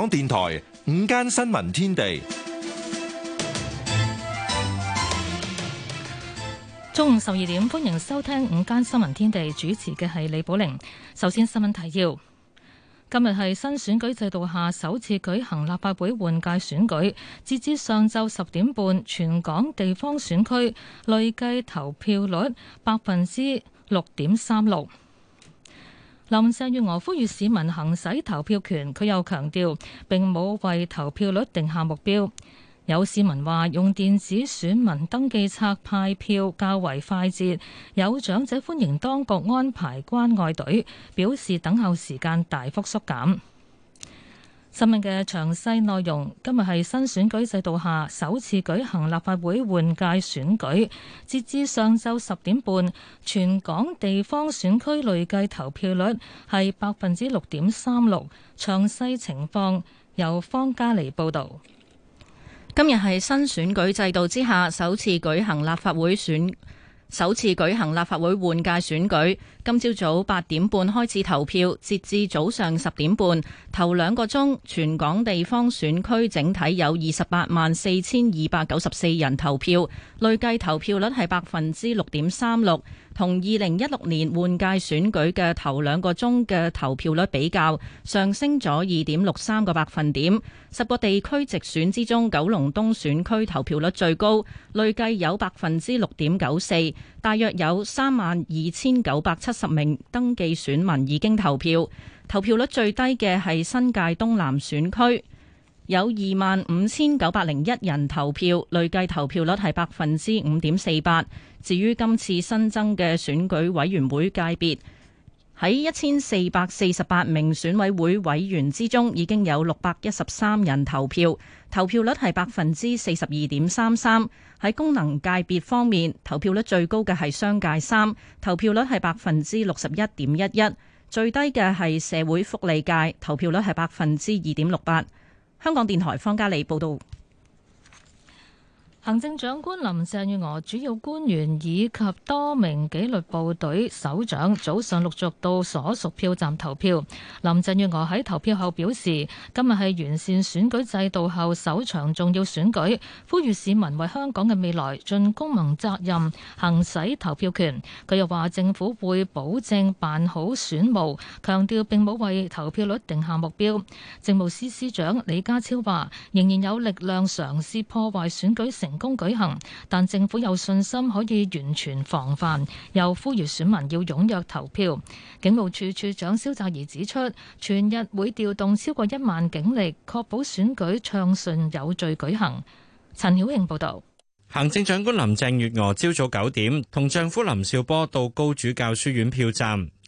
香港電台午間新聞天地，中午十二點，歡迎收聽午間新聞天地，主持嘅係李寶玲。首先新聞提要，今日係新選舉制度下首次舉行立法會換屆選舉，截至上晝十點半，全港地方選區累計投票率百分之六點三六。林鄭月娥呼籲市民行使投票權，佢又強調並冇為投票率定下目標。有市民話用電子選民登記冊派票較為快捷，有長者歡迎當局安排關愛隊，表示等候時間大幅縮減。新聞嘅詳細內容，今日係新選舉制度下首次舉行立法會換屆選舉。截至上晝十點半，全港地方選區累計投票率係百分之六點三六。詳細情況由方家莉報導。今日係新選舉制度之下首次舉行立法會選，首次舉行立法會換屆選舉。今朝早八點半開始投票，截至早上十點半，頭兩個鐘，全港地方選區整體有二十八萬四千二百九十四人投票，累計投票率係百分之六點三六，同二零一六年換屆選舉嘅頭兩個鐘嘅投票率比較，上升咗二點六三個百分點。十個地區直選之中，九龍東選區投票率最高，累計有百分之六點九四，大約有三萬二千九百七十。十名登記選民已經投票，投票率最低嘅係新界東南選區，有二萬五千九百零一人投票，累計投票率係百分之五點四八。至於今次新增嘅選舉委員會界別。喺一千四百四十八名選委會委員之中，已經有六百一十三人投票，投票率係百分之四十二點三三。喺功能界別方面，投票率最高嘅係商界三，投票率係百分之六十一點一一，最低嘅係社會福利界，投票率係百分之二點六八。香港電台方家莉報道。行政長官林鄭月娥、主要官員以及多名紀律部隊首長早上陸續到所屬票站投票。林鄭月娥喺投票後表示：今日係完善選舉制度後首場重要選舉，呼籲市民為香港嘅未來盡公民責任，行使投票權。佢又話：政府會保證辦好選務，強調並冇為投票率定下目標。政務司司長李家超話：仍然有力量嘗試破壞選舉成成功舉行，但政府有信心可以完全防範，又呼籲選民要踴躍投票。警務處處長蕭澤頤指出，全日會調動超過一萬警力，確保選舉暢順有序舉行。陳曉慶報道：「行政長官林鄭月娥朝早九點同丈夫林兆波到高主教書院票站。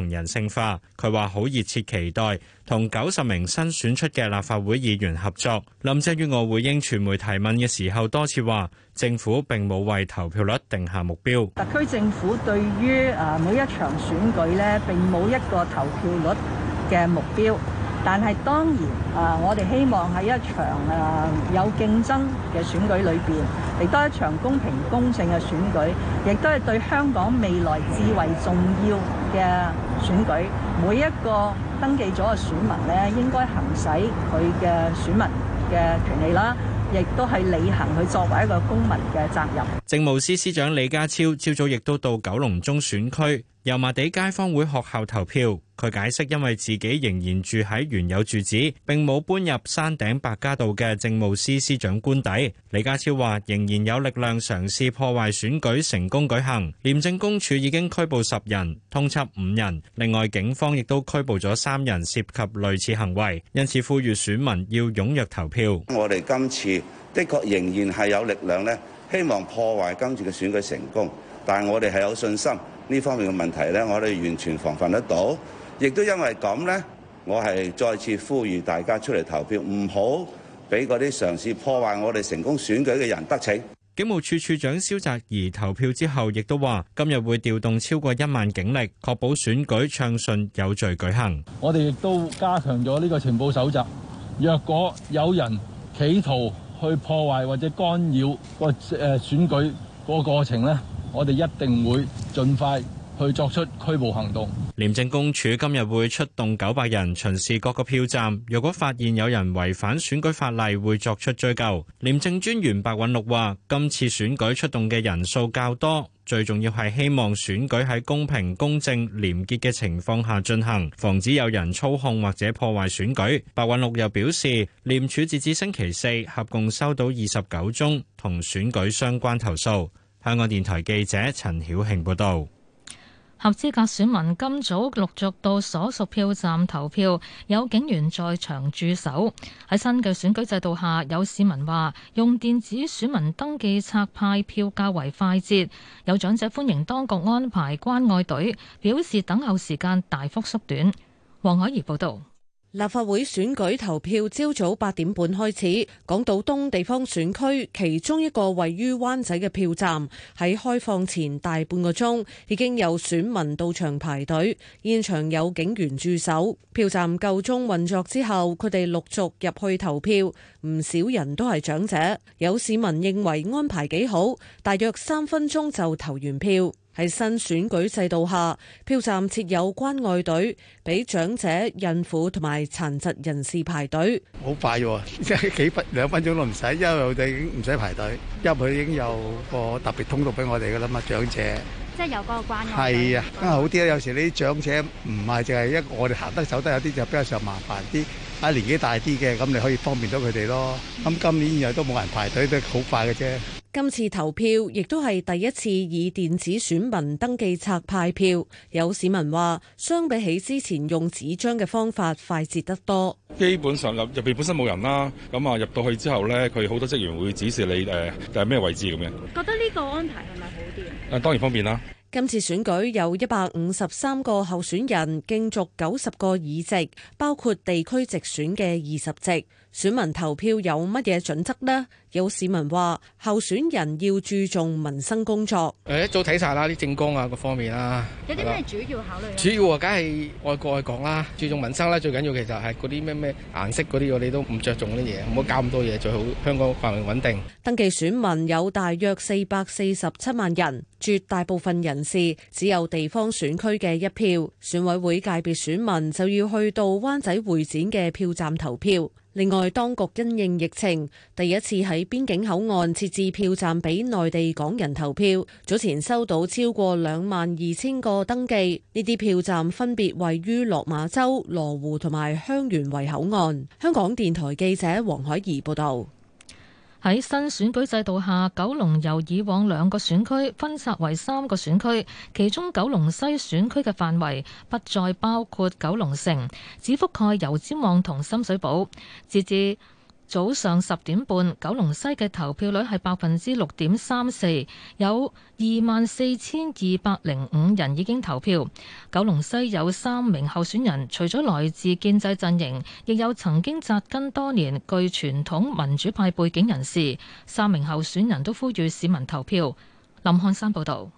同人性化，佢話好熱切期待同九十名新選出嘅立法會議員合作。林鄭月娥回應傳媒提問嘅時候，多次話，政府並冇為投票率定下目標。特區政府對於啊每一場選舉咧，並冇一個投票率嘅目標。但係當然啊，我哋希望喺一場啊有競爭嘅選舉裏邊，亦都係一場公平公正嘅選舉，亦都係對香港未來至為重要嘅選舉。每一個登記咗嘅選民咧，應該行使佢嘅選民嘅權利啦，亦都係履行佢作為一個公民嘅責任。政務司司長李家超朝早亦都到九龍中選區油麻地街坊會學校投票。佢解釋，因為自己仍然住喺原有住址，並冇搬入山頂白加道嘅政務司司長官邸。李家超話：仍然有力量嘗試破壞選舉成功舉行。廉政公署已經拘捕十人，通緝五人。另外，警方亦都拘捕咗三人涉及類似行為。因此，呼籲選民要踴躍投票。我哋今次的確仍然係有力量咧，希望破壞今次嘅選舉成功，但係我哋係有信心呢方面嘅問題咧，我哋完全防範得到。亦都因為咁呢，我係再次呼籲大家出嚟投票，唔好俾嗰啲嘗試破壞我哋成功選舉嘅人得逞。警務處處長蕭澤頤投票之後，亦都話：今日會調動超過一萬警力，確保選舉暢順有序舉行。我哋亦都加強咗呢個情報蒐集，若果有人企圖去破壞或者干擾個誒選舉個過程呢，我哋一定會盡快。去作出拘捕行動。廉政公署今日會出動九百人巡視各個票站，若果發現有人違反選舉法例，會作出追究。廉政專員白韞六話，今次選舉出動嘅人數較多，最重要係希望選舉喺公平、公正、廉潔嘅情況下進行，防止有人操控或者破壞選舉。白韞六又表示，廉署截至星期四合共收到二十九宗同選舉相關投訴。香港電台記者陳曉慶報導。合資格選民今早陸續到所屬票站投票，有警員在場駐守。喺新嘅選舉制度下，有市民話用電子選民登記冊派票較為快捷。有長者歡迎當局安排關愛隊，表示等候時間大幅縮短。黃海怡報道。立法會選舉投票朝早八點半開始，港島東地方選區其中一個位於灣仔嘅票站喺開放前大半個鐘已經有選民到場排隊，現場有警員駐守。票站夠鐘運作之後，佢哋陸續入去投票，唔少人都係長者。有市民認為安排幾好，大約三分鐘就投完票。喺新選舉制度下，票站設有關愛隊，俾長者、孕婦同埋殘疾人士排隊。好快喎，即係幾分兩分鐘都唔使，因為我哋已經唔使排隊，入去已經有個特別通道俾我哋嘅啦嘛。長者即係有嗰個關愛，係啊，梗係好啲啦。有時你啲長者唔係淨係一我哋行得走得，有啲就比較上麻煩啲。啊，年紀大啲嘅，咁你可以方便到佢哋咯。咁今年又都冇人排隊，都好快嘅啫。今次投票亦都係第一次以電子選民登記冊派票，有市民話：相比起之前用紙張嘅方法，快捷得多。基本上入入邊本身冇人啦，咁啊入到去之後呢，佢好多職員會指示你誒就係咩位置咁嘅樣，覺得呢個安排係咪好啲啊？當然方便啦。今次選舉有一百五十三個候選人競逐九十個議席，包括地區直選嘅二十席。選民投票有乜嘢準則呢？有市民話候選人要注重民生工作。誒，一早睇晒啦，啲政綱啊，各方面啊，有啲咩主要考慮？主要啊，梗係愛國愛港啦，注重民生啦，最緊要其實係嗰啲咩咩顏色嗰啲，我哋都唔着重啲嘢，唔好搞咁多嘢，最好香港環境穩定。登記選民有大約四百四十七萬人，絕大部分人士只有地方選區嘅一票。選委會界別選民就要去到灣仔會展嘅票站投票。另外，當局因應疫情，第一次喺邊境口岸設置票站俾內地港人投票。早前收到超過兩萬二千個登記，呢啲票站分別位於落馬洲、羅湖同埋香園圍口岸。香港電台記者黃海怡報道。喺新選舉制度下，九龍由以往兩個選區分拆為三個選區，其中九龍西選區嘅範圍不再包括九龍城，只覆蓋油尖旺同深水埗，截至早上十點半，九龍西嘅投票率係百分之六點三四，有二萬四千二百零五人已經投票。九龍西有三名候選人，除咗來自建制陣營，亦有曾經扎根多年、具傳統民主派背景人士。三名候選人都呼籲市民投票。林漢山報導。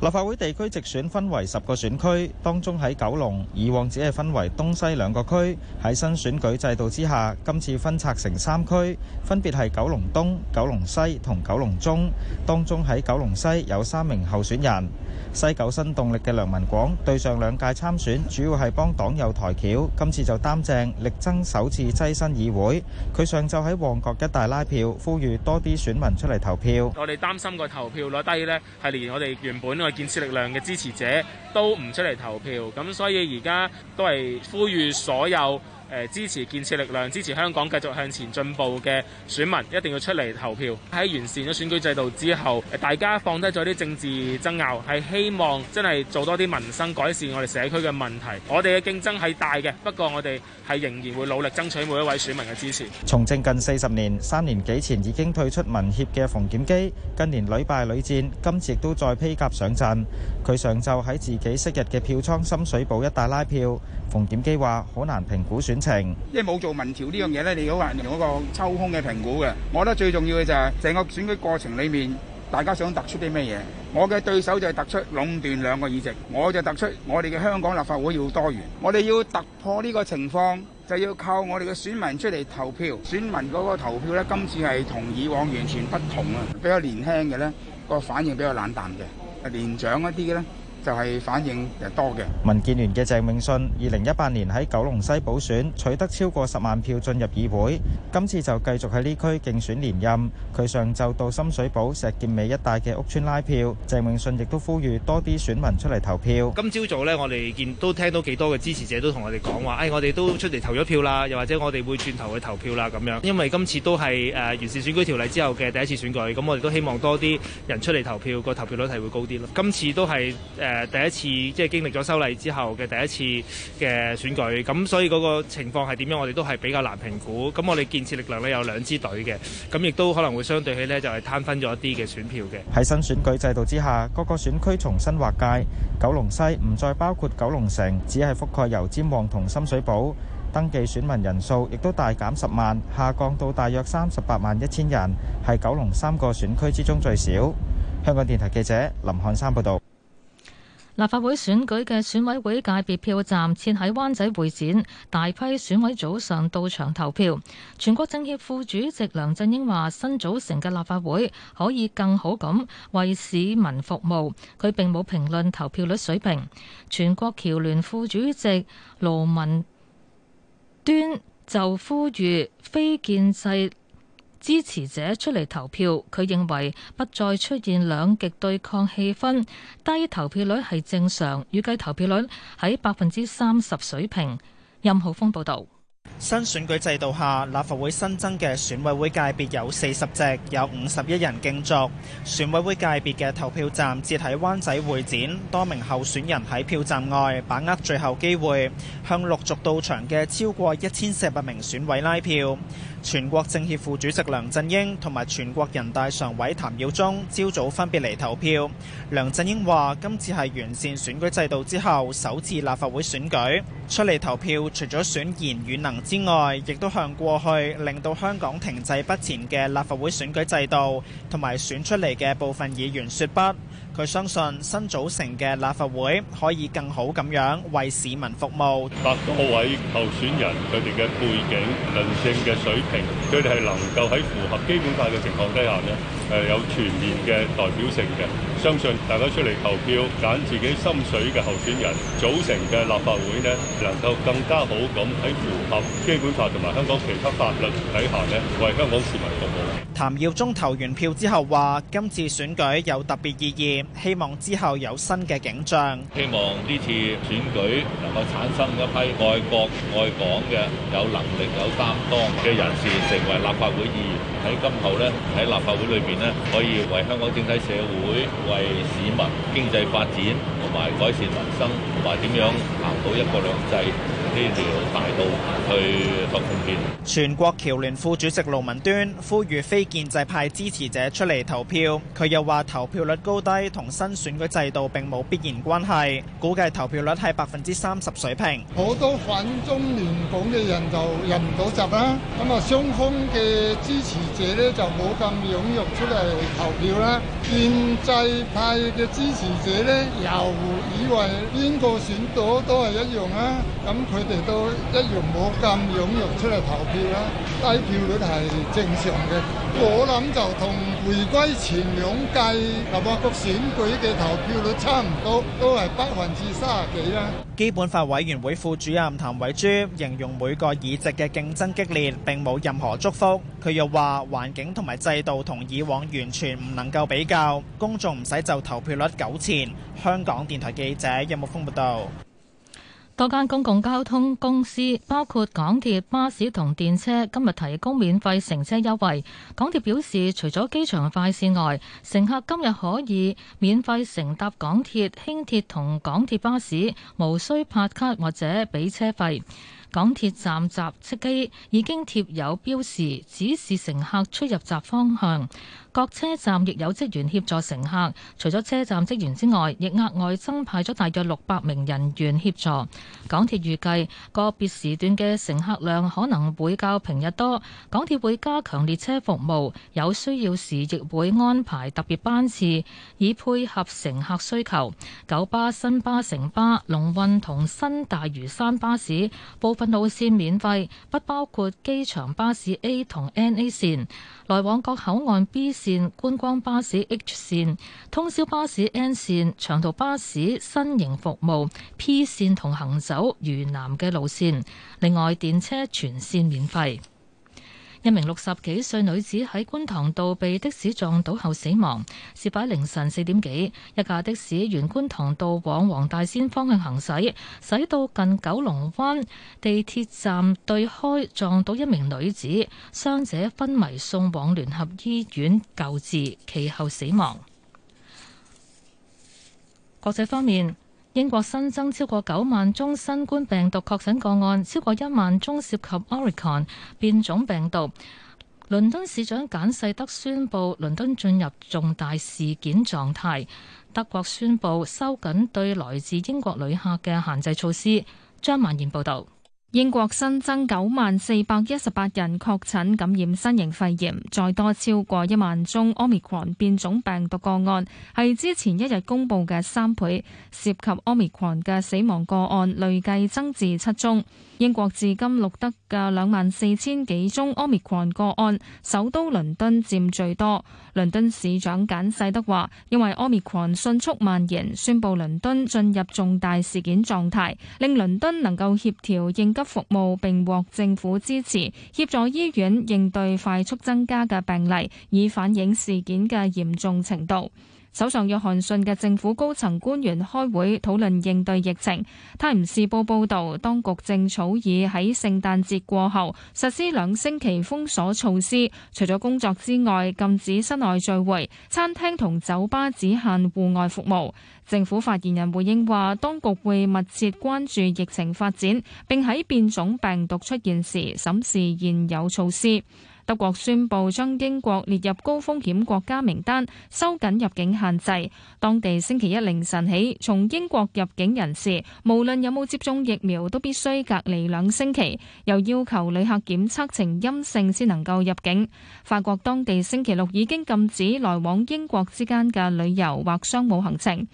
立法會地區直選分為十個選區，當中喺九龍，以往只係分為東西兩個區，喺新選舉制度之下，今次分拆成三區，分別係九龍東、九龍西同九龍中。當中喺九龍西有三名候選人。西九新動力嘅梁文廣對上兩屆參選，主要係幫黨友抬轎，今次就擔正力爭首次躋身議會。佢上晝喺旺角一帶拉票，呼籲多啲選民出嚟投票。我哋擔心個投票率低呢，係連我哋原本個建設力量嘅支持者都唔出嚟投票，咁所以而家都係呼籲所有，支持建設力量、支持香港繼續向前進步嘅選民一定要出嚟投票。喺完善咗選舉制度之後，大家放低咗啲政治爭拗，係希望真係做多啲民生改善我哋社區嘅問題，我哋嘅競爭係大嘅，不過我哋係仍然會努力爭取每一位選民嘅支持。從政近四十年，三年幾前已經退出民協嘅馮檢基，近年屢敗屢戰，今次亦都再披甲上陣。佢上晝喺自己昔日嘅票倉深水埗一帶拉票。馮檢基話好難評估選。因為冇做民調呢樣嘢咧，你好難用一個抽空嘅評估嘅。我覺得最重要嘅就係成個選舉過程裏面，大家想突出啲咩嘢？我嘅對手就係突出壟斷兩個議席，我就突出我哋嘅香港立法會要多元。我哋要突破呢個情況，就要靠我哋嘅選民出嚟投票。選民嗰個投票呢，今次係同以往完全不同啊！比較年輕嘅呢個反應比較冷淡嘅；年長一啲嘅呢。就係反應誒多嘅。民建聯嘅鄭泳舜，二零一八年喺九龍西補選取得超過十萬票進入議會，今次就繼續喺呢區競選連任。佢上晝到深水埗石硤尾一帶嘅屋邨拉票。鄭泳舜亦都呼籲多啲選民出嚟投票。今朝早呢，我哋見都聽到幾多嘅支持者都同我哋講話，誒，我哋都出嚟投咗票啦，又或者我哋會轉頭去投票啦咁樣。因為今次都係誒完善選舉條例之後嘅第一次選舉，咁我哋都希望多啲人出嚟投票，個投票率係會高啲咯。今次都係誒。誒第一次即係經歷咗修例之後嘅第一次嘅選舉，咁所以嗰個情況係點樣，我哋都係比較難評估。咁我哋建設力量呢，有兩支隊嘅，咁亦都可能會相對起呢，就係攤分咗一啲嘅選票嘅。喺新選舉制度之下，各個選區重新劃界，九龍西唔再包括九龍城，只係覆蓋油尖旺同深水埗。登記選民人數，亦都大減十萬，下降到大約三十八萬一千人，係九龍三個選區之中最少。香港電台記者林漢山報道。立法會選舉嘅選委會界別票站設喺灣仔會展，大批選委早上到場投票。全國政協副主席梁振英話，新組成嘅立法會可以更好咁為市民服務。佢並冇評論投票率水平。全國僑聯副主席盧文端就呼籲非建制支持者出嚟投票，佢認為不再出現兩極對抗氣氛，低投票率係正常，預計投票率喺百分之三十水平。任浩峰報道。新選舉制度下，立法會新增嘅選委會界別有四十席，有五十一人競逐，選委會界別嘅投票站設喺灣仔會展，多名候選人喺票站外把握最後機會，向陸續到場嘅超過一千四百名選委拉票。全國政協副主席梁振英同埋全國人大常委譚耀宗朝早分別嚟投票。梁振英話：今次係完善選舉制度之後首次立法會選舉，出嚟投票除咗選賢與能之外，亦都向過去令到香港停滯不前嘅立法會選舉制度同埋選出嚟嘅部分議員說不。佢相信新組成嘅立法會可以更好咁樣為市民服務。百多位候選人佢哋嘅背景、論性嘅水平，佢哋係能夠喺符合基本法嘅情況底下呢。誒有全面嘅代表性嘅，相信大家出嚟投票，揀自己心水嘅候選人，組成嘅立法會咧，能夠更加好咁喺符合基本法同埋香港其他法律底下咧，為香港市民服務。譚耀宗投完票之後話：今次選舉有特別意義，希望之後有新嘅景象。希望呢次選舉能夠產生一批愛國愛港嘅有能力有擔當嘅人士，成為立法會議員喺今後咧喺立法會裏邊。可以為香港整體社會、為市民經濟發展同埋改善民生，同埋點樣行到一國兩制？呢要大刀去北京。全國僑聯副主席盧文端呼籲非建制派支持者出嚟投票。佢又話投票率高低同新選舉制度並冇必然關係，估計投票率係百分之三十水平。好多反中亂港嘅人就入唔到閘啦。咁啊，雙方嘅支持者咧就冇咁踴躍出嚟投票啦。建制派嘅支持者咧又以為邊個選到都係一樣啊。咁佢。我哋都一樣冇咁踴躍出嚟投票啦，低票率係正常嘅。我諗就同回歸前兩屆立法局選舉嘅投票率差唔多，都係百分之三十幾啦。基本法委員會副主任譚惠珠形容每個議席嘅競爭激烈並冇任何祝福。佢又話環境同埋制度同以往完全唔能夠比較，公眾唔使就投票率糾纏。香港電台記者任木峯報道。多間公共交通公司，包括港鐵、巴士同電車，今日提供免費乘車優惠。港鐵表示，除咗機場快線外，乘客今日可以免費乘搭港鐵、輕鐵同港鐵巴士，無需拍卡或者俾車費。港鐵站閘車機已經貼有標示，指示乘客出入閘方向。各車站亦有職員協助乘客。除咗車站職員之外，亦額外增派咗大約六百名人員協助。港鐵預計個別時段嘅乘客量可能會較平日多。港鐵會加強列車服務，有需要時亦會安排特別班次，以配合乘客需求。九巴、新巴、城巴、龍運同新大嶼山巴士部分路線免費，不包括機場巴士 A 同 NA 綫、來往各口岸 B 綫、觀光巴士 H 綫、通宵巴士 N 綫、長途巴士新型服務 P 綫同行走如南嘅路線。另外，電車全綫免費。一名六十幾歲女子喺觀塘道被的士撞倒後死亡。事發凌晨四點幾，一架的士沿觀塘道往黃大仙方向行駛，駛到近九龍灣地鐵站對開撞到一名女子，傷者昏迷送往聯合醫院救治，其後死亡。國際方面。英國新增超過九萬宗新冠病毒確診個案，超過一萬宗涉及 Omicron 變種病毒。倫敦市長簡世德宣布倫敦進入重大事件狀態。德國宣布收緊對來自英國旅客嘅限制措施。張曼賢報道。英國新增九萬四百一十八人確診感染新型肺炎，再多超過一萬宗 Omicron 變種病毒個案，係之前一日公布嘅三倍。涉及 Omicron 嘅死亡個案累計增至七宗。英國至今錄得嘅兩萬四千幾宗 Omicron 個案，首都倫敦佔最多。倫敦市長簡世德話，因為 Omicron 迅速蔓延，宣布倫敦進入重大事件狀態，令倫敦能夠協調應急服務，並獲政府支持協助醫院應對快速增加嘅病例，以反映事件嘅嚴重程度。首相約翰遜嘅政府高層官員開會討論應對疫情。泰晤士報報道，當局正草擬喺聖誕節過後實施兩星期封鎖措施，除咗工作之外，禁止室內聚會，餐廳同酒吧只限戶外服務。政府發言人回應話，當局會密切關注疫情發展，並喺變種病毒出現時審視現有措施。德國宣布將英國列入高風險國家名單，收緊入境限制。當地星期一凌晨起，從英國入境人士，無論有冇接種疫苗，都必須隔離兩星期，又要求旅客檢測呈陰性先能夠入境。法國當地星期六已經禁止來往英國之間嘅旅遊或商務行程。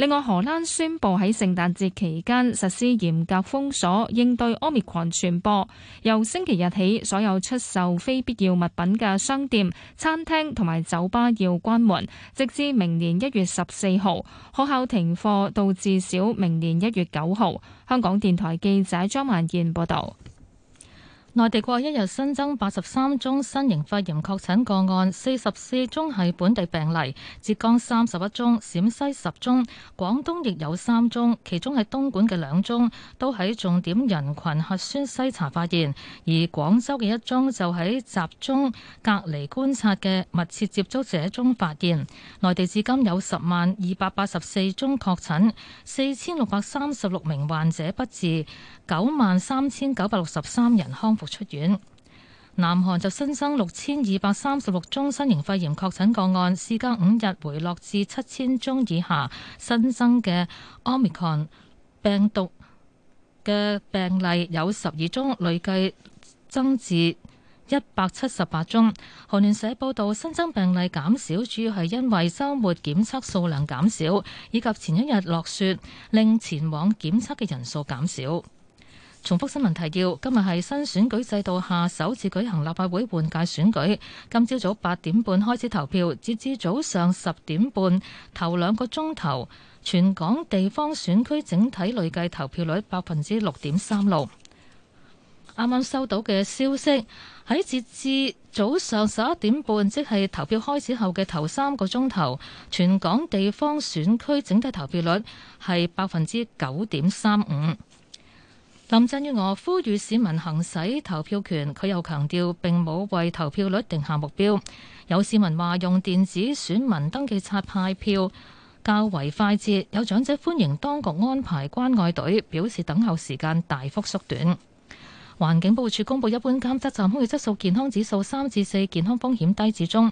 另外，荷蘭宣布喺聖誕節期間實施嚴格封鎖，應對奧密克戎傳播。由星期日起，所有出售非必要物品嘅商店、餐廳同埋酒吧要關門，直至明年一月十四號。學校停課到至少明年一月九號。香港電台記者張曼燕報導。內地過一日新增八十三宗新型肺炎確診個案，四十四宗係本地病例，浙江三十一宗，陝西十宗，廣東亦有三宗，其中喺東莞嘅兩宗都喺重點人群核酸篩查發現，而廣州嘅一宗就喺集中隔離觀察嘅密切接觸者中發現。內地至今有十萬二百八十四宗確診，四千六百三十六名患者不治，九萬三千九百六十三人康出院。南韓就新增六千二百三十六宗新型肺炎確診個案，事隔五日回落至七千宗以下。新增嘅 Omicron 病毒嘅病例有十二宗，累計增至一百七十八宗。韓聯社報道，新增病例減少主要係因為周末檢測數量減少，以及前一日落雪令前往檢測嘅人數減少。重複新聞提要，今日係新選舉制度下首次舉行立法會換屆選舉。今朝早八點半開始投票，截至早上十點半，頭兩個鐘頭，全港地方選區整體累計投票率百分之六點三六。啱啱收到嘅消息，喺截至早上十一點半，即係投票開始後嘅頭三個鐘頭，全港地方選區整體投票率係百分之九點三五。林鄭月娥呼籲市民行使投票權，佢又強調並冇為投票率定下目標。有市民話用電子選民登記冊派票較為快捷，有長者歡迎當局安排關愛隊，表示等候時間大幅縮短。環境保護署公布一般監測站空氣質素健康指數三至四，健康風險低至中。